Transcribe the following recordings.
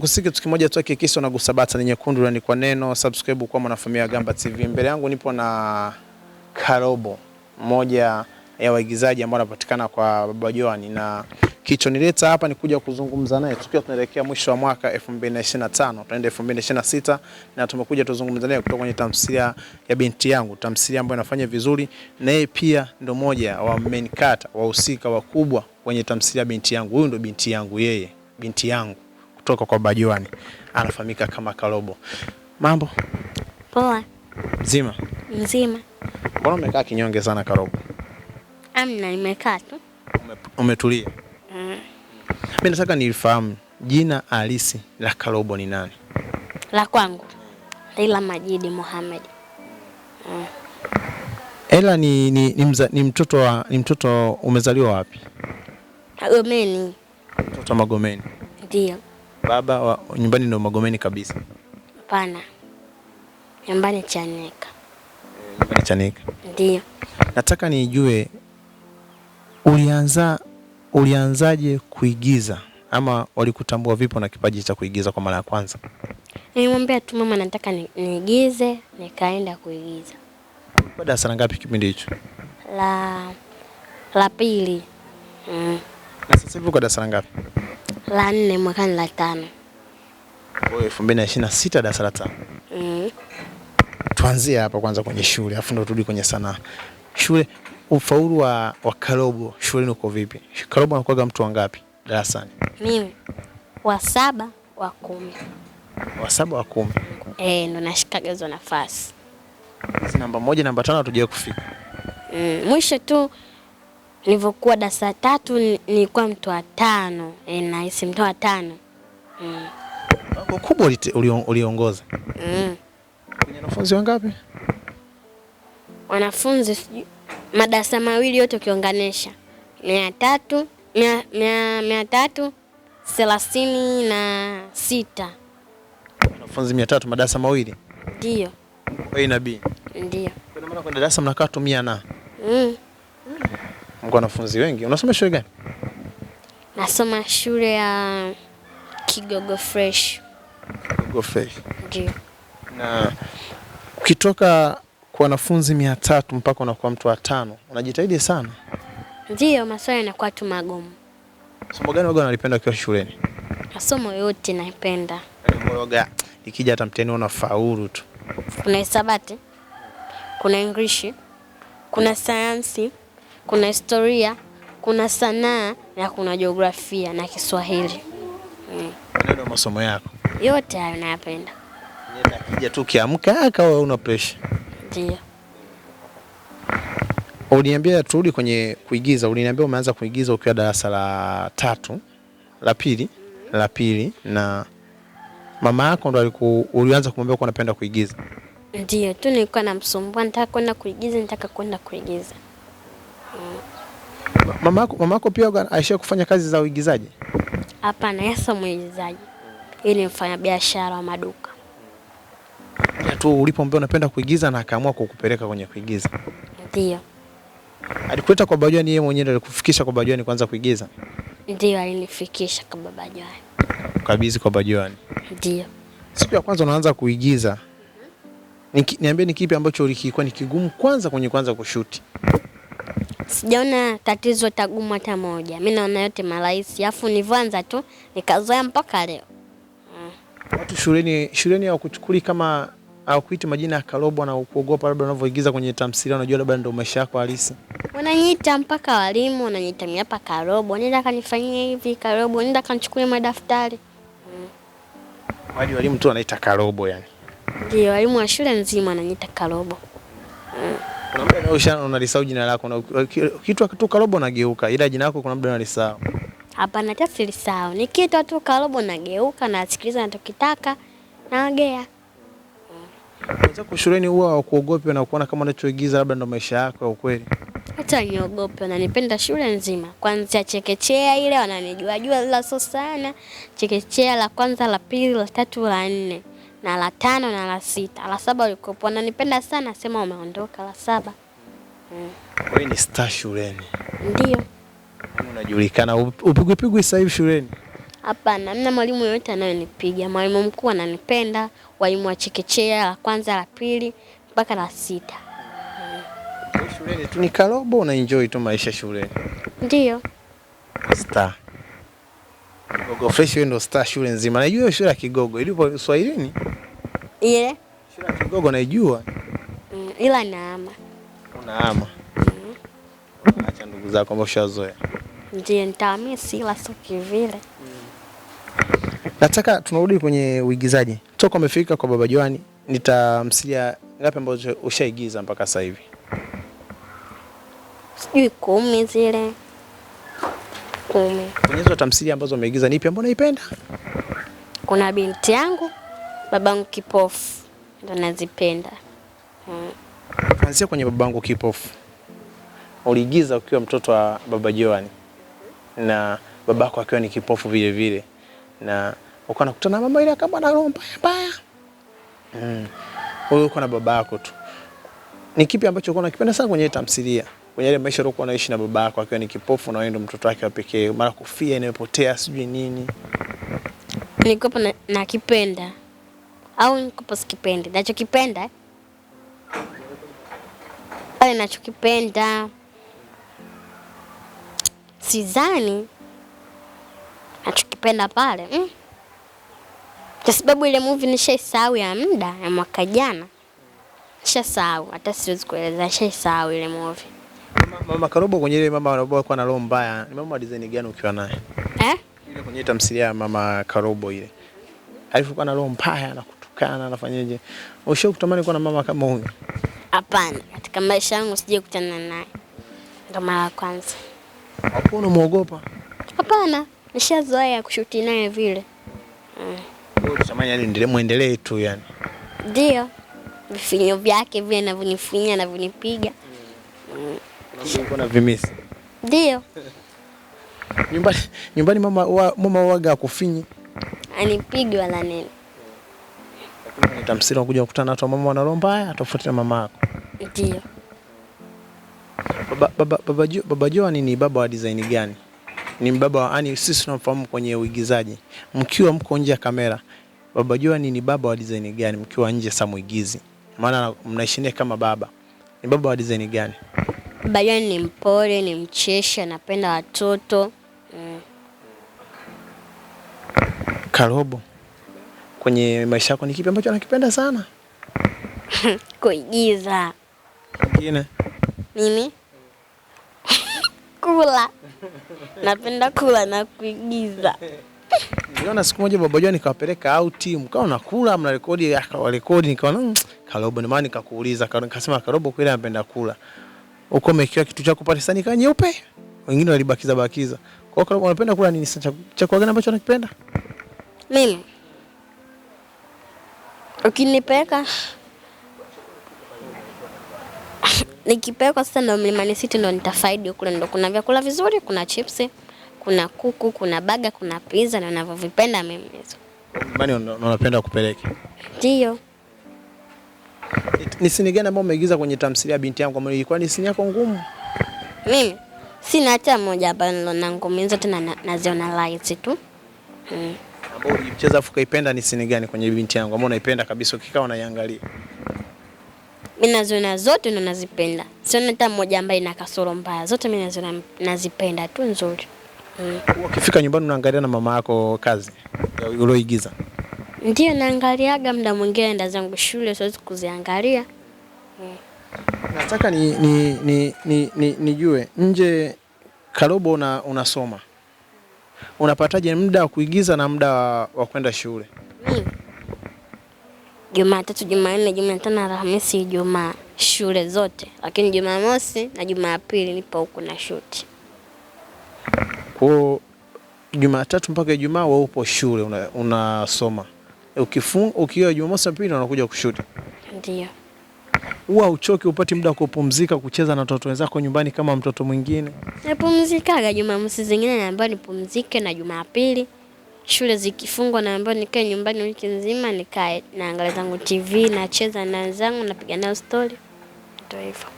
Kusiki kitu kimoja tu hakikisha gusabata ni nyekundu na ni kwa neno subscribe kwa mwanafamilia wa Gamba TV. Mbele yangu nipo na Karobo, mmoja ya waigizaji ambao anapatikana kwa Baba Joan, na kicho nileta hapa ni kuja kuzungumza naye tukiwa tunaelekea mwisho wa mwaka 2025 tunaenda 2026, na tumekuja tuzungumza naye kutoka kwenye tamthilia ya binti yangu, tamthilia ambayo inafanya vizuri, na yeye pia ndo moja wa main character, wahusika wakubwa kwenye tamthilia binti yangu. Huyu ndo binti yangu, yeye binti yangu kutoka kwa Bajuani, anafahamika kama Kalobo. Mambo poa? Mzima mzima. Mbona umekaa kinyonge sana Karobo? Amna, nimekaa tu. Ume, umetulia? Mm. Mimi nataka nilifahamu jina halisi la Kalobo ni nani? La kwangu Laila Majidi Mohamed. Mm. Ela ni, ni, ni, mza, ni mtoto wa, ni mtoto umezaliwa wapi? Magomeni. Mtoto Magomeni. Ndio. Baba wa nyumbani ndio Magomeni kabisa? Hapana, nyumbani Chanika. Nyumbani Chanika? Ndio. Nataka nijue ulianza ulianzaje kuigiza ama walikutambua vipo na kipaji cha kuigiza kwa mara ya kwanza? Nilimwambia tu mama, nataka niigize, nikaenda kuigiza. Darasa ngapi kipindi hicho? La la pili. Mm. Na sasa hivi uko darasa ngapi? la nne mwakani la tano. Kwa hiyo elfu mbili na ishirini na sita darasa la tano. Mm. Tuanzie hapa kwanza kwenye shule afu ndo turudi kwenye sanaa. Shule ufaulu wa, wa Karobo shuleni uko vipi? Karobo anakuwaga mtu wangapi darasani? Mimi wa saba wa kumi. Wa saba wa kumi. Eh, ndo nashikaga hizo nafasi. Namba moja, namba tano hatujawai kufika. Mm, mwisho tu nilivyokuwa darasa tatu nilikuwa mtu wa tano e, nahisi mtu wa tano mm. kubwa uliongoza mm. kwenye wanafunzi wangapi? Wanafunzi madarasa mawili yote ukiunganisha mia tatu mia, mia, mia tatu thelathini na sita wanafunzi mia tatu madarasa mawili ndio A na B ndio. Kwa maana kwenda darasa mnakaa tumia na mm. Mko wanafunzi wengi. Unasoma shule gani? Nasoma shule ya Kigogo Fresh. Kigogo Fresh. Ndio. Na ukitoka kwa wanafunzi mia tatu mpaka unakuwa mtu wa tano, unajitahidi sana. Ndio, maswali yanakuwa tu magumu. Somo gani waga unalipenda ukiwa shuleni? Masomo yote naipenda. Mwoga, ikija hata mtihani unafaulu tu. Kuna hisabati, kuna English, kuna sayansi kuna historia, kuna sanaa na kuna jiografia na Kiswahili. Mm. Ndio masomo yako yote hayo nayapenda. Akija tu ukiamka akawa ah, una presha. Ndio. Uliniambia turudi kwenye kuigiza. Uliniambia umeanza kuigiza ukiwa darasa la tatu, la pili, la pili na mama yako ndo aliku ulianza kumwambia uko unapenda kuigiza? Ndio, tu nilikuwa namsumbua, nataka kwenda kuigiza, nataka kwenda kuigiza mama yako pia aisha kufanya kazi za uigizaji? Hapana, yeye si muigizaji. yeye ni mfanyabiashara wa maduka tu. Ulipomwambia unapenda kuigiza na akaamua kukupeleka kwenye kuigiza? Ndio. Alikuleta kwa Baba Jwani yeye mwenyewe, alikufikisha kwa Baba kwanza kuigiza? Ndio, alinifikisha kwa Baba Jwani. kwa Baba Ndio. Siku ya kwanza unaanza kuigiza, hmm? niambie ni kipi ambacho ulikuwa ni kigumu kwanza kwenye kwanza kushuti? Sijaona tatizo tagumu hata moja, mi naona yote marahisi, alafu nivyoanza tu nikazoea mpaka leo mm. Watu shuleni shuleni hawakuchukulia kama hawakuiti majina ya Karobwa na kuogopa labda unavyoigiza kwenye tamthilia, unajua labda ndio maisha yako halisi. Wananiita mpaka walimu wananiita mimi hapa Karobwa, nenda kanifanyie hivi Karobwa, nenda kanichukulie madaftari mm. Wadi walimu tu wanaita Karobwa yani. Ndio walimu wa shule nzima wananiita Karobwa mm. Kuna muda unaoshana unalisahau jina lako na kitu akitoka robo nageuka, ila jina lako kuna muda unalisahau. Hapana, hata silisahau. Nikitwa tu karobo nageuka na sikiliza natokitaka naongea. Wenzako shuleni huwa hawakuogopi na kuona kama unachoigiza labda ndo maisha yako ya ukweli? Hata niogope, wananipenda shule nzima, kwanza chekechea ile wananijua jua, ila sio sana. Chekechea la kwanza, la pili, la tatu, la nne na la tano na la sita. La saba ulikopo ananipenda sana, sema umeondoka. La saba mm. Wewe ni star shuleni? Ndio. Unajulikana, upigwe sasa hivi shuleni? Hapana, mna mwalimu yoyote anayenipiga. Mwalimu mkuu ananipenda, walimu wa chekechea la kwanza, la pili mpaka la sita. Shuleni tu ni karobo, una enjoy tu maisha shuleni? Ndio. Star. Kigogo fresh hiyo ndio star shule nzima. Najua hiyo shule ya Kigogo ilipo Kiswahilini. Ile. Yeah. Shule ya Kigogo naijua. Mm, ila naama. Unaama. Mm. Acha ndugu zako ambao ushazoea. Ndiyo nitaamisi ila sio kivile. Mm. Nataka tunarudi kwenye uigizaji. Toka umefika kwa Baba Joani nitamsilia ngapi ambao ushaigiza mpaka sasa hivi? Sijui kumi zile. Kumi. Kwenye hizo tamthilia ambazo umeigiza ni ipi ambayo unaipenda? Kuna binti yangu, babangu kipofu ndo nazipenda. Hmm. Kuanzia kwenye babangu kipofu uliigiza ukiwa mtoto wa baba Joani na babako akiwa ni kipofu vile vile, na ukawa unakutana na mama ile kama na roho mbaya mbaya. Mm. Wewe uko na babako tu. Ni kipi ambacho uko unakipenda sana kwenye tamthilia? kwenye ile maisha aliyokuwa anaishi na baba yako akiwa ni kipofu na wewe ndo mtoto wake wa pekee, mara kofia inayopotea sijui nini. Nilikuwa na, na kipenda au nilikuwa sikipenda, nachokipenda pale, nachokipenda sidhani nachokipenda pale mm. Kwa sababu ile movie nishaisahau ya muda ya mwaka jana, nishasahau hata siwezi kueleza, nishaisahau ile movie. Mama Karobo kwenye ile mama anaoboa kwa na roho mbaya. Ni mama wa design gani ukiwa naye? Eh? Ile kwenye tamthilia ya Mama Karobo ile. Alivyokuwa na roho mbaya na kutukana anafanyaje? Ushawahi kutamani kuwa na mama kama huyo? Hapana, katika maisha yangu sije kutana naye. Ndio mara ya kwanza. Hapo unamuogopa? Hapana, nishazoea kushuti naye vile. Mm. Wewe Unatamani yani endelee muendelee tu yani. Ndio. Vifinyo vyake vile anavonifunya anavonipiga. Kuna vimisi ndio nyumbani, nyumbani mama wa, mama waga akufinyi anipigwa wala nini, lakini ni tamsiri unakuja kukutana na watu mama wanalomba haya tofauti na mama yako. Ndio. Baba, baba, baba, jo, baba Joan ni baba wa design gani? Ni baba wa yani, sisi tunamfahamu kwenye uigizaji. Mkiwa mko nje ya kamera, baba Joan ni ni baba wa design gani? Mkiwa nje sa muigizi, maana mnaishi kama baba, ni baba wa design gani? John ni mpole, ni mcheshi, anapenda watoto mm. Karobo, kwenye maisha yako ni kipi ambacho anakipenda sana? Kuigiza. Kingine? Mimi kula, napenda kula na kuigiza. Niliona siku moja Baba John nikawapeleka out, kawa nakula akawa rekodi, nikaona hmm, Karobo, ndio maana nikakuuliza, nikasema Karobo kweli anapenda kula uko umekiwa kitu chako pale sasa nyeupe, wengine walibakiza bakiza. Kwa hiyo unapenda kula nini sasa? Chakula gani ambacho unakipenda? Mimi ukinipeka nikipeka sasa ndo Mlimani City ndo nitafaidi kule, ndo kuna vyakula vizuri, kuna chipsi, kuna kuku, kuna baga, kuna pizza na ninavyovipenda mimi hizo. Mlimani unapenda kupeleka? Ndio. Ni sini gani ambayo umeigiza kwenye tamthilia ya binti yangu ambayo ilikuwa ni sini yako ngumu? Mimi sina hata moja hapa na ngumu hizo na naziona light tu. Mm. Ambayo ulicheza afu kaipenda ni sini gani kwenye binti yangu ambayo unaipenda kabisa ukikaa unaiangalia? Mimi naziona zote na nazipenda. Siona hata moja ambayo ina kasoro mbaya. Zote mimi naziona nazipenda tu nzuri. Mm. Ukifika nyumbani unaangalia na mama yako kazi ulioigiza? Ndiyo, naangaliaga muda mwingine, enda zangu shule siwezi kuziangalia. Mm. Nataka ni, ni, ni, ni, ni nje Karobo una, unasoma unapataje muda wa kuigiza na muda wa kwenda shule? Jumatatu, Jumanne, Jumatano, Alhamisi, Ijumaa shule zote, lakini Jumamosi na Jumapili nipo huku na shuti. Kwa Jumatatu mpaka Ijumaa wewe upo shule unasoma una ukifunga ukiwa Jumamosi na Jumapili unakuja kushuti. Ndio. Huwa uchoki upati muda wa kupumzika kucheza na watoto wenzako nyumbani kama mtoto mwingine? Napumzikaga Jumamosi zingine naambiwa nipumzike na Jumapili shule zikifungwa naambiwa nikae nyumbani wiki nzima nikae naangalia zangu TV nacheza na wenzangu napiga nao story. Ndio hivyo.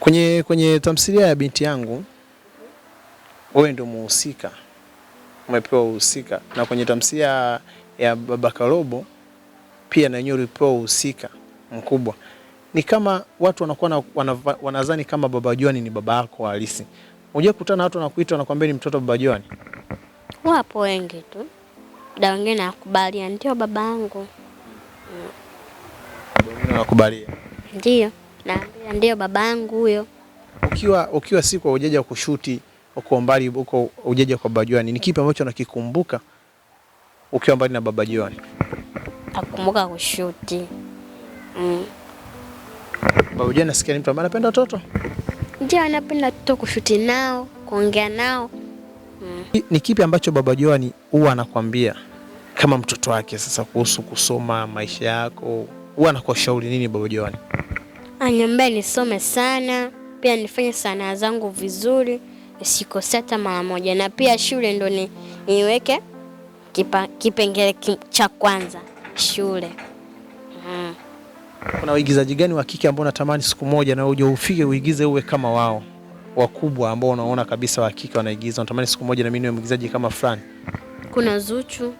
Kwenye kwenye tamthilia ya binti yangu wewe ndio muhusika umepewa uhusika, na kwenye tamsia ya Baba Karobo pia na wenyewe ulipewa uhusika mkubwa. Ni kama watu wanakuwa wanadhani kama Baba Joani ni baba yako halisi. Unajua kutana watu wanakuita wanakuambia ni mtoto Baba Joani? Wapo wengi tu, da wengine nakubalia ndio baba yangu, wengine nakubalia ndio naambia ndio baba yangu huyo. Ukiwa ukiwa si kwa kushuti uko mbali, uko ujeja kwa Baba Joani, ni kipi ambacho nakikumbuka ukiwa mbali na Baba Joani? Nakumbuka kushuti. Mm. Baba Joani nasikia ni mtu ambaye anapenda watoto. Ndio, anapenda watoto, kushuti nao, kuongea nao. Mm. Ni kipi ambacho Baba Joan huwa anakwambia kama mtoto wake sasa kuhusu kusoma, maisha yako, huwa anakushauri nini Baba Joani? Ananiambia nisome sana, pia nifanye sanaa zangu vizuri siku sita mara moja, na pia shule ndo ni, niweke kipa, kipengele cha kwanza shule mm. Kuna waigizaji gani wa kike ambao unatamani siku moja na uje ufike uigize uwe kama wao wakubwa ambao unaona kabisa wa kike wanaigiza, unatamani siku moja na mimi niwe mwigizaji kama fulani? Kuna Zuchu,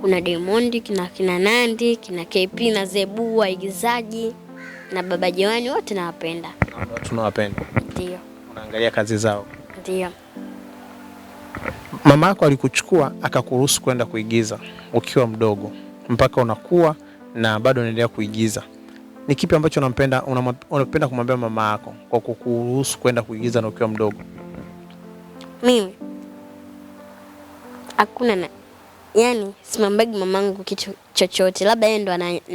kuna Diamond, kina kina Nandi, kina KP na Zebu waigizaji na Baba Jewani wote nawapenda. Tunawapenda. Ndio. Unaangalia kazi zao. Ndio. Mama yako alikuchukua akakuruhusu kwenda kuigiza ukiwa mdogo mpaka unakuwa na bado unaendelea kuigiza. Ni kipi ambacho unampenda unapenda kumwambia mama yako kwa kukuruhusu kwenda kuigiza na ukiwa mdogo? Mimi hakuna na, yani simambagi mamangu kitu chochote, labda yeye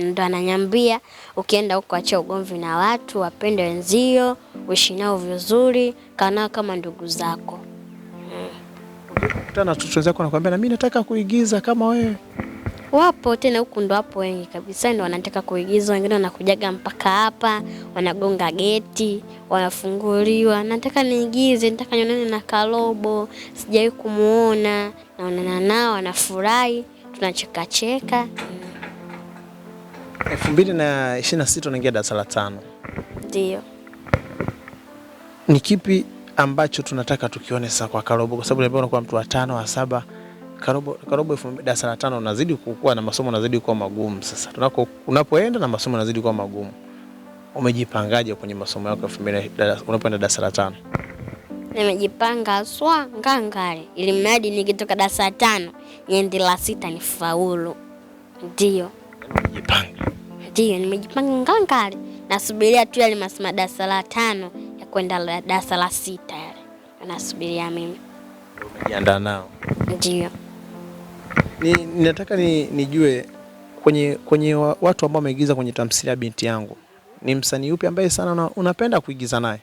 ndo ananyambia ukienda huko acha ugomvi na watu, wapende wenzio uishi nao vizuri, kana kama ndugu zako. Kutana watoto wenzako nakwambia, na mimi nataka kuigiza kama wewe. Wapo tena huku ndo hapo wengi kabisa ndo wanataka kuigiza, wengine wanakujaga mpaka hapa, wanagonga geti, wanafunguliwa, nataka niigize, nataka nionane na kalobo sijawahi kumuona. Naonana nao, wanafurahi, tunachekacheka. elfu mbili na ishirini na sita unaingia darasa la tano, ndio. Ni kipi ambacho tunataka tukione sasa kwa Karobo, kwa sababu niambia unakuwa mtu wa tano wa saba Karobo, Karobo darasa la tano unazidi kukua na masomo unazidi kuwa magumu. Sasa tunako unapoenda na masomo unazidi kuwa magumu, umejipangaje kwenye masomo yako unapoenda darasa la tano? Nimejipanga swa ngangari, ili mradi nikitoka darasa la tano niende la sita nifaulu. Ndio nimejipanga, ndio nimejipanga ngangari, nasubiria tu yale masomo darasa la tano kwenda darasa la sita, yale anasubiria mimi. Umejiandaa nao? Ndio. Ni, ninataka ni, nijue kwenye kwenye watu ambao wameigiza kwenye tamthilia ya binti yangu ni msanii yupi ambaye sana una, unapenda kuigiza naye?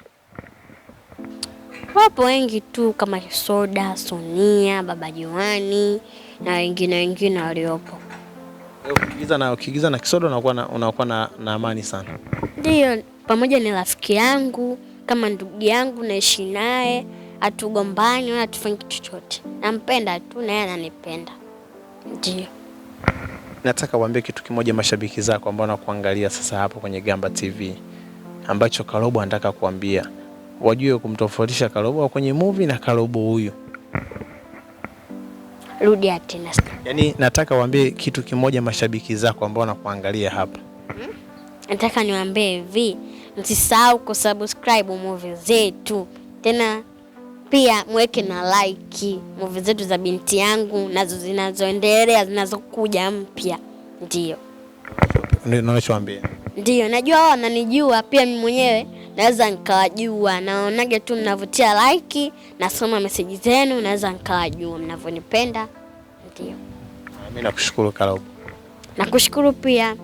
Wapo wengi tu kama Soda, Sonia, Baba Joani na wengine wengine waliopo. Ukiigiza na ukiigiza na Kisoda unakuwa na, unakuwa na amani sana. Ndio, pamoja ni rafiki yangu kama ndugu yangu, naishi naye, hatugombani wala tufanye kitu chochote, nampenda tu na yeye ananipenda. Ndio nataka uambie kitu kimoja mashabiki zako ambao wanakuangalia sasa hapo kwenye Gamba TV ambacho Karobo anataka kuambia wajue kumtofautisha Karobo kwenye movie na Karobo huyu. Rudia tena. Yaani nataka uambie kitu kimoja mashabiki zako ambao wanakuangalia hapa. Hmm? Nataka niwaambie hivi msisahau kusubscribe movie zetu, tena pia mweke na like movie zetu za binti yangu nazo zinazoendelea zinazokuja mpya. Ndio nachoambia, ndio najua wao wananijua pia, mimi mwenyewe naweza nikawajua, naonage tu mnavutia like, nasoma meseji zenu, naweza nikawajua mnavyonipenda. Ndio mimi nakushukuru Kalaubu, nakushukuru pia.